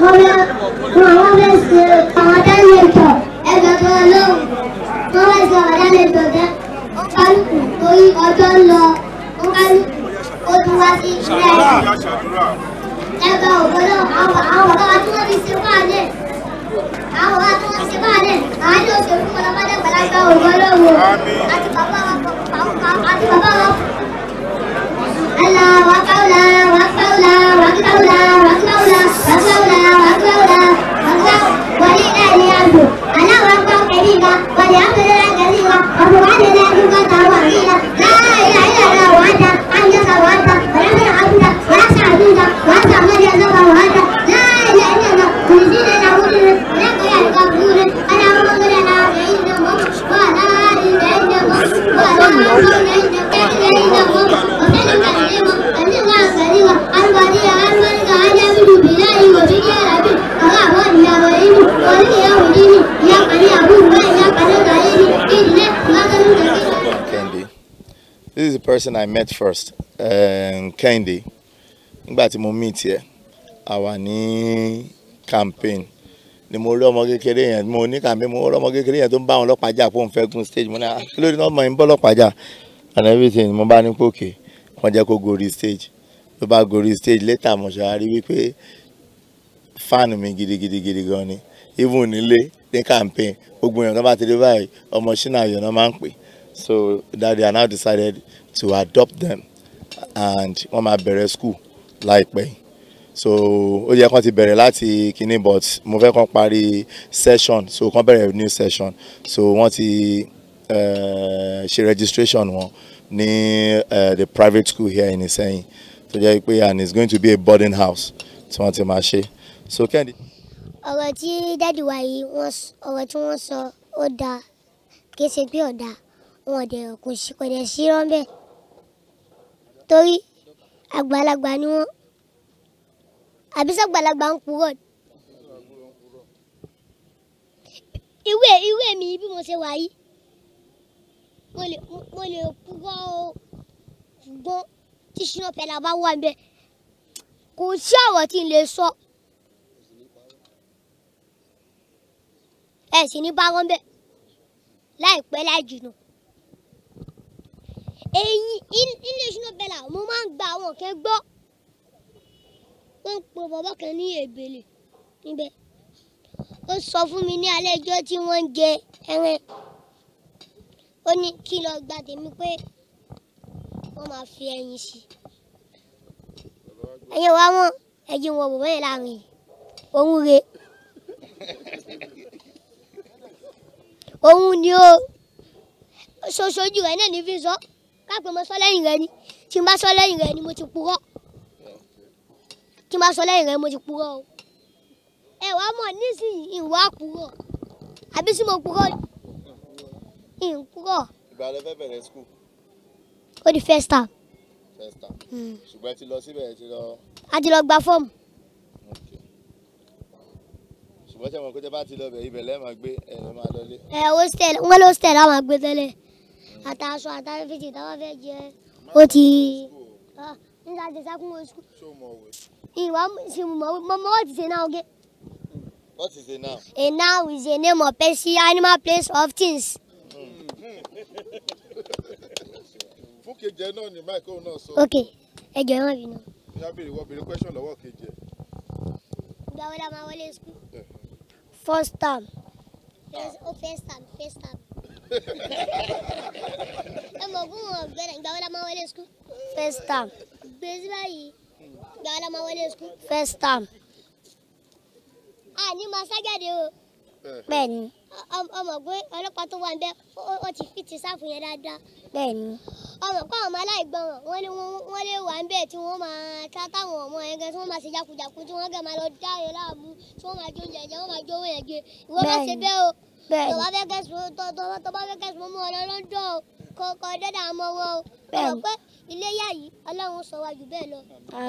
Comment est-ce qu'on atteint le temps Ẹgbẹ̀gbẹ̀ ọlọ́run, comment est-ce qu'on atteint le temps Ó kálukú torí ọjọ́ ń lọ, ó kálukú ó tún wá sí ilé ẹ̀. Ẹgbẹ̀ ògbọ́dọ̀ àwọn àwọn ọ̀gá tí wọ́n fi ṣe wá lẹ̀. Àwọn ọ̀gá tí wọ́n fi ṣe wá lẹ̀. Àwọn àjọ òṣèlú kan lọ́pàá dàgbàlagbà ògbọ́dọ̀ wò. Àti bàbá wa àti bàbá wa. Aláwọ̀ Lắm lâu nào, lắm lâu person I met first um, Kehinde nígbà tí mo meet ẹ a wà ní campaign ni mo rí ọmọ kékeré yẹn mo ní campaign mo rí ọmọ kékeré yẹn tó ń bá àwọn ọlọ́pàá jà fóun fẹ́ gun stage mo ní ah, kí ló dé náà mọ̀ ń bọ́ ọlọ́pàá jà and everything mo bá ní pòkè wọ́n jẹ́ kó gorí stage ló bá gorí stage later mo ṣe àárí wípé fan mi gidigidigidi gan ni even nílé ní campaign gbogbo èèyàn tó bá ti dé báyìí ọmọ ṣínà yẹn náà máa ń pè so daddy I now decided to adopt them and wọ́n máa bẹ̀rẹ̀ school láìpẹ́ yìí so ó yẹ kán ti bẹ̀rẹ̀ láti kinní but mo fẹ́ kán parí session so kán bẹ̀rẹ̀ new session so wọ́n ti eh, ṣe registration wọn ní uh, the private school here in Ìsẹ́yìn tó jẹ́ pé and it's going to be a boarding house tí wọ́n ti máa ṣe so Kẹ́hìndé. ọ̀rọ̀ tí dáàdì wa yìí ọ̀rọ̀ tí wọ́n sọ ó dáa kì í ṣe pé ọ̀dà wọn ò dẹ̀ kò sí rọ́ńbẹ́ torí àgbàlagbà ni wọ́n àbí sàgbàlagbà ń purọ́ ìwé ìwé mi bí mo ṣe wà yìí mo lè mo lè purọ́ o ṣùgbọ́n tí ṣínà pẹ̀lú àbá wà bẹ́ẹ̀ kò sí ọ̀rọ̀ tí n lè sọ ẹ ní bá wọn bẹ́ẹ̀ láìpẹ́ láì jìnnà ẹ̀yìn ilé ìṣúná bẹ́là mo máa ń gba àwọn kẹ́ gbọ́ wọ́n ń pe bàbá kan ní èbèlè níbẹ̀ ó sọ fún mi ní alẹ́ ọjọ́ tí wọ́n ń jẹ ẹran ó ní kí lọ gba tèmi pé wọ́n máa fi ẹyin sí i ẹyin wa wọn ẹyin wọn bàbá yẹn láàrin òun re òun ni ó ṣoṣojú ẹ náà ní fi sọ káàpẹ́ mo sọ lẹ́yìn rẹ ni tí n bá sọ lẹ́yìn rẹ ni mo ti purọ́ tí n bá sọ lẹ́yìn rẹ mo ti purọ́ o ẹ wá mọ̀ nísìnyí ìwà purọ́ àbí sí mo purọ́ ìhìn purọ́. ìgbà lè fẹ́ bẹ̀rẹ̀ skul. ó di first term. first term. Hmm. ṣùgbọ́n ẹ ti lọ síbẹ̀ ẹ ti lọ. a ti lọ gba fọ́ọ̀mù ṣùgbọ́n ṣe mọ̀ pé tẹ bá ti lọ bẹ̀ ibẹ̀ lẹ́ẹ̀ máa gbé ẹ̀ lọ́ máa lọlé. ẹ hostel wọn lọ hostel á máa gbé àtàṣọ àtàfẹ́jì táwọn fẹ́ jẹ ó ti nígbà tí sákún oṣù ìwà sì mọ̀ mọ́ what is a noun again. what is a noun. a noun is a name of person animal place of things. fún kejì ẹ náà ni mike òun náà sọ. ok ẹ jọ ẹ má bínú. ìyá béèrè wọ́n béèrè question lọ́wọ́ kejì ẹ. ìgbà wo la máa wọlé school. first time. Yes, oh, first term, first term ẹ mọ̀ fún wọn gbẹ̀rẹ̀ ìgbà wọlé máa wọlé skul. first term. gbèsè báyìí ìgbà wọlé máa wọlé skul. first term. a ní máa ṣájáde o. bẹ́ẹ̀ni. ọmọ pé ọlọ́pàá tó wà ń bẹ ó ti fi ti sáfù yẹn dáadáa. bẹ́ẹ̀ni. ọmọ pé àwọn ọmọ aláìgbọràn wọn lè wà ń bẹ tí wọ́n máa ta táwọn ọmọ yẹn gan tí wọ́n máa bẹ́ẹ̀ni. tó bá fẹ́ kẹ́sùn tó bá fẹ́ kẹ́sùn mú ọ̀rọ̀ lọ́jọ́ o kò kò dẹ́dà mọ́ wọn o. bẹ́ẹ̀ni ọ̀pẹ iléyà yìí ọlọ́run sọ wa jù bẹ́ẹ̀ lọ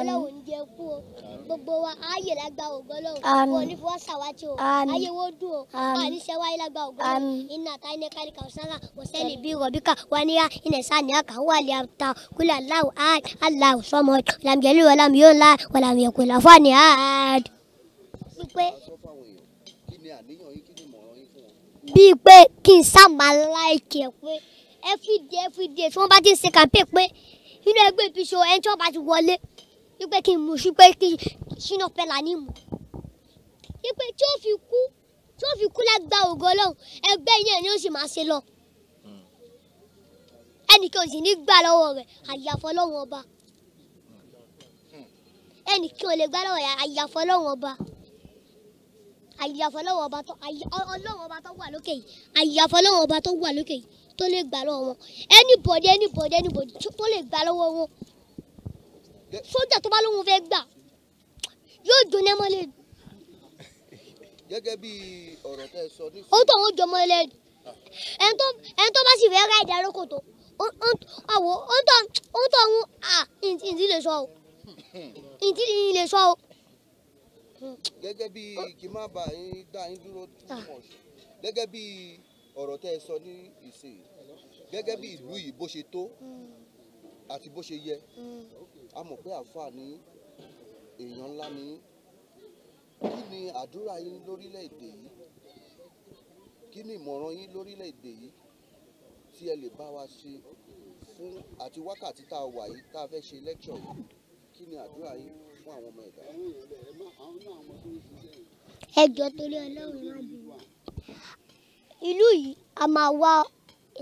ọlọ́run ń jẹ kú o gbogbo wa ààyè lágbà ògbọ́ lọ́run wọn ò ní fi wá ṣàwátì o ààyè wo dùn o àní sẹ́wá yìí lágbà ògbọ́ lọ́run iná ta iná kálíkà ọ̀sánà ọ̀sẹ́ni bíi rọ̀bíkà wà níyà iná sani àkà wà lè ta kúlẹ̀ aláwọ̀ áàd aláwọ̀ sọmọ làmìjẹ́lì wọ̀làmìyọ̀ ńlá wọ̀làmìyẹ̀kọ̀ làfọ̀ ni áàd bíi pé kí n sá máa láìkì ẹ̀ pé everyday everyday tí wọ́n bá ti ń ṣe campaign pé inú ẹgbẹ́ ìbísọ ẹni tí wọ́n bá ti wọlé wípé kí n mú sí pé kí Ṣínà Pẹ́lánì mú wípé tí ó fi kú tí ó fi kú lágbá ògo Ọlọ́run ẹgbẹ́ yẹn ni ó sì máa ṣe lọ ẹnìkan ò sì ní gbà lọ́wọ́ rẹ̀ àyàfọ́ lọ́wọ́ ọba ẹnìkan ò lè gbà lọ́wọ́ rẹ̀ àyàfọ́ lọ́wọ́ ọba àyàfọlọ́wọ́ ọba tó ọlọ́wọ́ ọba tó wà lókè yìí àyàfọlọ́wọ́ ọba tó wà lókè yìí tó lè gbà lọ́wọ́ wọn anybody anybody anybody tó lè gbà lọ́wọ́ wọn sójà tó bá lóun fẹ́ gbà yóò jóná mọ́lẹ̀. gẹ́gẹ́ bí ọ̀rọ̀ tẹ́ ẹ sọ ní. ó tó àwọn jọmọ ilẹ̀ ẹni tó bá sì fẹ́ ra ìdáròkò tó àwọ̀ ó tó àwọn ìdílé sọ ìdílé sọ ọ́ gẹ́gẹ́ bí kí n má bà yín dá yín dúró too ah. much gẹ́gẹ́ bí ọ̀rọ̀ tẹ́ ẹ sọ ní ìsìn gẹ́gẹ́ bí ìlú yìí bó ṣe tó hmm. àti bó ṣe yẹ hmm. a mọ̀ pé àáfàá ní èèyàn ńlá ní kí ni àdúrà yín lórílẹ̀‐èdè yìí kí ni ìmọ̀ràn yín lórílẹ̀‐èdè yìí tí ẹ lè bá wa ṣe fún àti wákàtí tá a wà yìí tá a fẹ́ ṣe lẹ́kṣọ̀ yìí kí ni àdúrà yín fún àwọn ọmọ ẹ̀dá. ẹ jọ torí ọlọ́run náà bù wá ìlú yìí a máa wá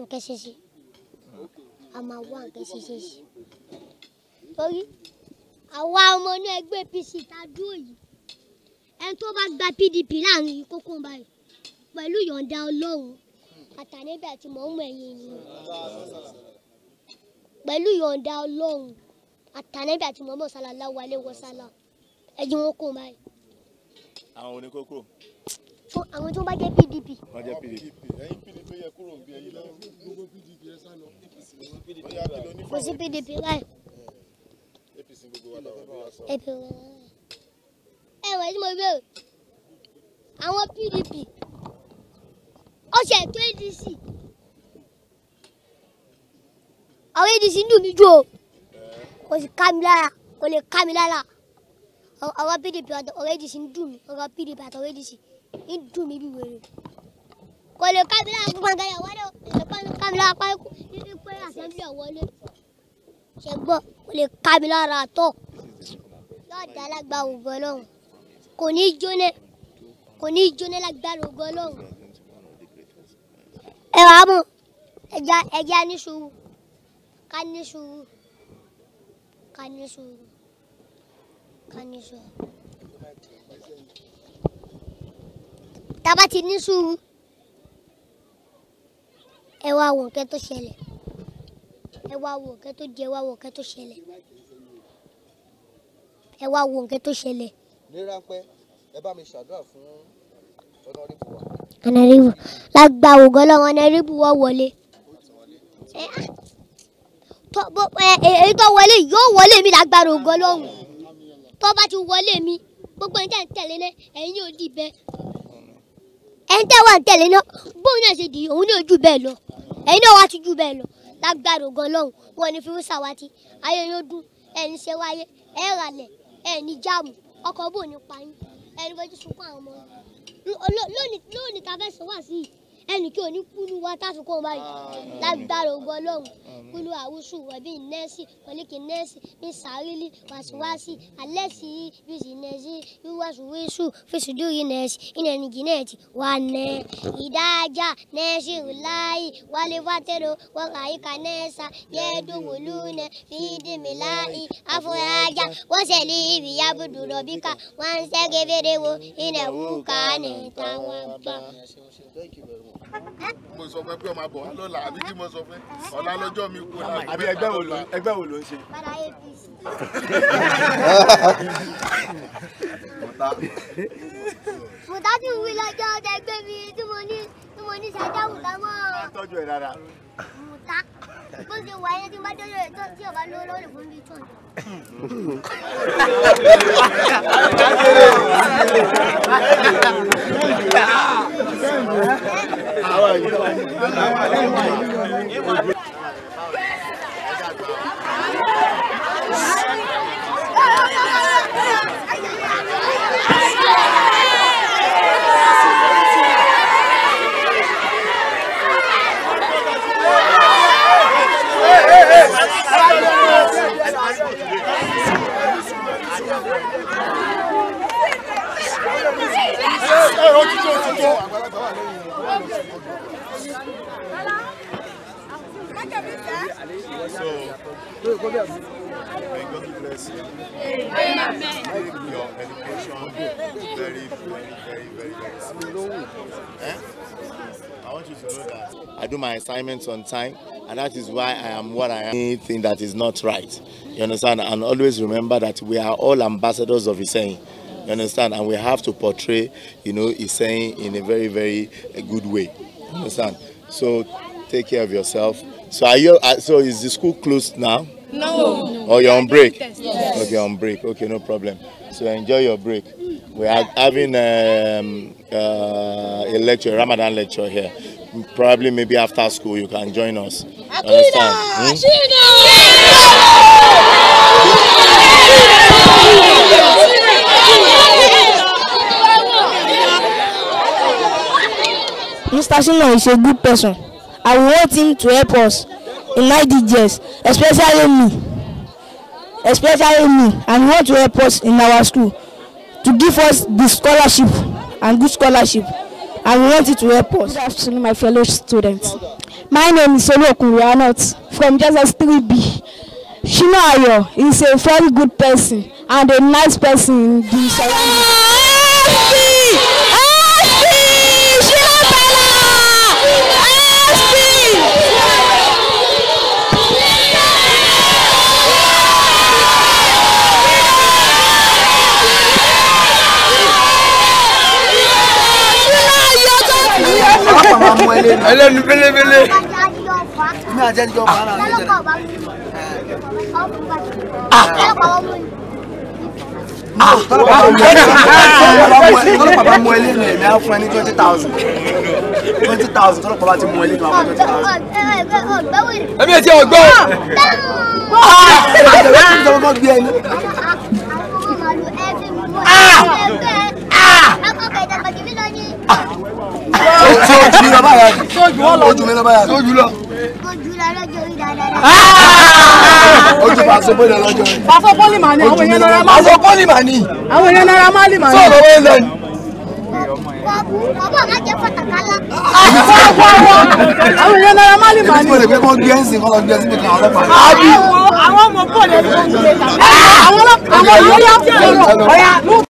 nǹkan ṣe ṣe a máa wá nǹkan ṣe ṣe ṣe torí àwa ọmọ inú ẹgbẹ́ APC ta dúró yìí ẹni tó bá gba PDP láàrin yìí kókó báyìí pẹ̀lú yọ̀ǹda ọlọ́run àtàlẹ́bẹ̀ àti mọ̀ọ́mọ̀ ẹ̀yìn ènìyàn pẹ̀lú yọ̀ǹda ọlọ́run àtànẹ́bí àti mọ́mọ́ sálálá wálé wọ́sálà ẹ̀jú wọn kò máa. àwọn oníkókó. fún àwọn tí wọn bá jẹ PDP. wọn jẹ PDP. ẹ̀yin PDP yẹ kúrò bí ẹ̀yin lọ gbogbo PDP ẹ sá lọ kò sí PDP láì. APC gbogbo wa làwọn ọmọ yà sọ. ẹ wẹ̀ tí mo bẹ̀rẹ̀ àwọn PDP ọ̀sẹ̀ tó ADC àwọn ADC ń dùn mí jù o kò sì ká mi lára kò lè ká mi lára ọ̀rọ̀ PDP ọ̀rọ̀ ADC ń dùn mí ọ̀rọ̀ PDP àtọ̀rọ̀ ADC ń dùn mí bí wèrè kò lè ká mi lára gbọ́n gẹ́gẹ́ wọlé kò ká mi lára pákó nínú pé àṣẹ́bí ọ̀wọ́lé ṣe gbọ́ kò lè ká mi lára tọ̀ lọ́ọ̀dà alágbá ògbọ́ lọ́hùn kò ní jóná kò ní jóná Ka ní sùúrù. Ka ní sùúrù. Tá bá ti ní sùúrù ẹ wá wo nǹkan tó ṣẹlẹ̀ ẹ wá wo nǹkan tó jẹ ẹ wo nǹkan tó ṣẹlẹ̀ ẹ wo nǹkan tó ṣẹlẹ̀. ní ráńpẹ́ ẹ bá mi ṣàdúrà fún ọ̀nàrẹ́bù wa. ọ̀nàrẹ́bù lágbàá ògọ́ lọ́wọ́ ọ̀nàrẹ́bù wọ́ wọlé. ẹ á èyí tó wọlé yóò wọlé mi lágbára ògo lọ́hùn tó bá ti wọlé mi gbogbo ẹni tẹ́ ń tẹ̀lé náà ẹ̀yin yóò di bẹ́ẹ̀ ẹni tẹ́ wà ń tẹ̀lé náà bóun náà ṣe di òun náà jù bẹ́ẹ̀ lọ ẹ̀yin náà wá ti jù bẹ́ẹ̀ lọ lágbára ògo lọ́hùn wọn ni fífún sàwátì ayé yóò dún ẹni ṣe wáyé ẹ ràlẹ̀ ẹni jáàmù ọkọ̀ bò ní pa yín ẹni bójú sunkún àwọn ọmọ lónìí ta fẹ́ sọ wá sí i ẹnì kí òní kúlú wa tásùkò báyìí lágbára ògbọ Ọlọ́run kúlú àwùsù wẹbí nẹẹsì wọlékì nẹẹsì bí sàrílì wàsíwàsí alẹsì yùsì nẹẹsì yúwàsíwẹsù fẹsùdúrí nẹẹsì ìnẹnìjì nẹẹsì wà nẹ ìdájà nẹẹsì rúláì wálewátẹrọ wọkàyíká nẹẹsà yẹdùnwòlú nẹ fìdímìláì afọlájà wọn sẹlẹ ibi yabudu rọbíkà wọn sẹgẹbẹrẹ wo ìnẹwù kàánì táwọn gbà. Thank you very much mo sọ fún pé ọmọ àbọ̀ wá lọ́la àbí tí mo sọ fún ẹ ọ̀la mi kú la. àbí ẹgbẹ́ wo ló ẹgbẹ́ wo ló ń ṣe. mùtá ti wí lọ́jọ́ ẹgbẹ́ mi tí mo ní tí mo ní sẹ́jà mùtá mọ́. ẹ tọ́jú ẹ rárá. mùtá bó ṣe wà yẹn tí bá dé lórí tó tí ọba lówó lórí fún bí tó ń jọ. Ẹ ọ́ títí òtítọ́ àgbàlagbà wà lẹ́yìn. So, may God bless you. Amen. Make your education very, very, very, very, very Eh? I want you to know that I do my assignments on time, and that is why I am what I am. Anything that is not right, you understand? And always remember that we are all ambassadors of Hussein. You understand? And we have to portray, you know, Hussein in a very, very good way. You understand? So take care of yourself. So are you? Uh, so is the school closed now? No. no. Oh, you're on break. Yes. Okay, on break. Okay, no problem. So enjoy your break. We are having um, uh, a lecture, Ramadan lecture here. Probably maybe after school you can join us. Understand? Hmm? Mr. Shina is a good person. I want him to help us in IDGs, especially me. Especially me. And want to help us in our school to give us the scholarship and good scholarship. And want it to help us. Good afternoon, my fellow students. My name is Solo Okunrianot from Jesus 3B. Shina Ayo is a very good person and a nice person in the surroundings. ọmọ ẹlẹ́nu. ẹlẹ́nu tọ́lọ́pàá mú ẹlẹ́nu ẹ̀mí á twenty thousand twenty thousand tọ́lọ́pàá bá ti mú ẹlẹ́nu àwọn twenty thousand. ẹ̀mí ẹ̀ tí ò gbọ́. Ah. Ah. gbé ẹni. Ah. ojú ojú mi lọ báyà ni ojú mi lọ báyà ni ojú lọ. ojú la lọ́jọ́ yìí dáadáa. ojú bá aṣọ bọ́ọ̀lì lọ́jọ́ yìí. aṣọ bọ́ọ̀lì màní àwọn èèyàn náírà máa ní. aṣọ bọ́ọ̀lì màní. àwọn èèyàn náírà máa ní màní. sọ̀rọ̀ wọ́n lọ ni. Bàbá máa jẹ fọ̀tàkálá. Àwọn èèyàn náírà máa ní màní. Èmi tí mo lè fẹ́ kọ́ gbé ẹ̀sìn kọ́ lọ gbé ẹ̀sìn nìkan ọlọ́pàá. Àwọn ọmọ bọ́ọ̀lù ẹ̀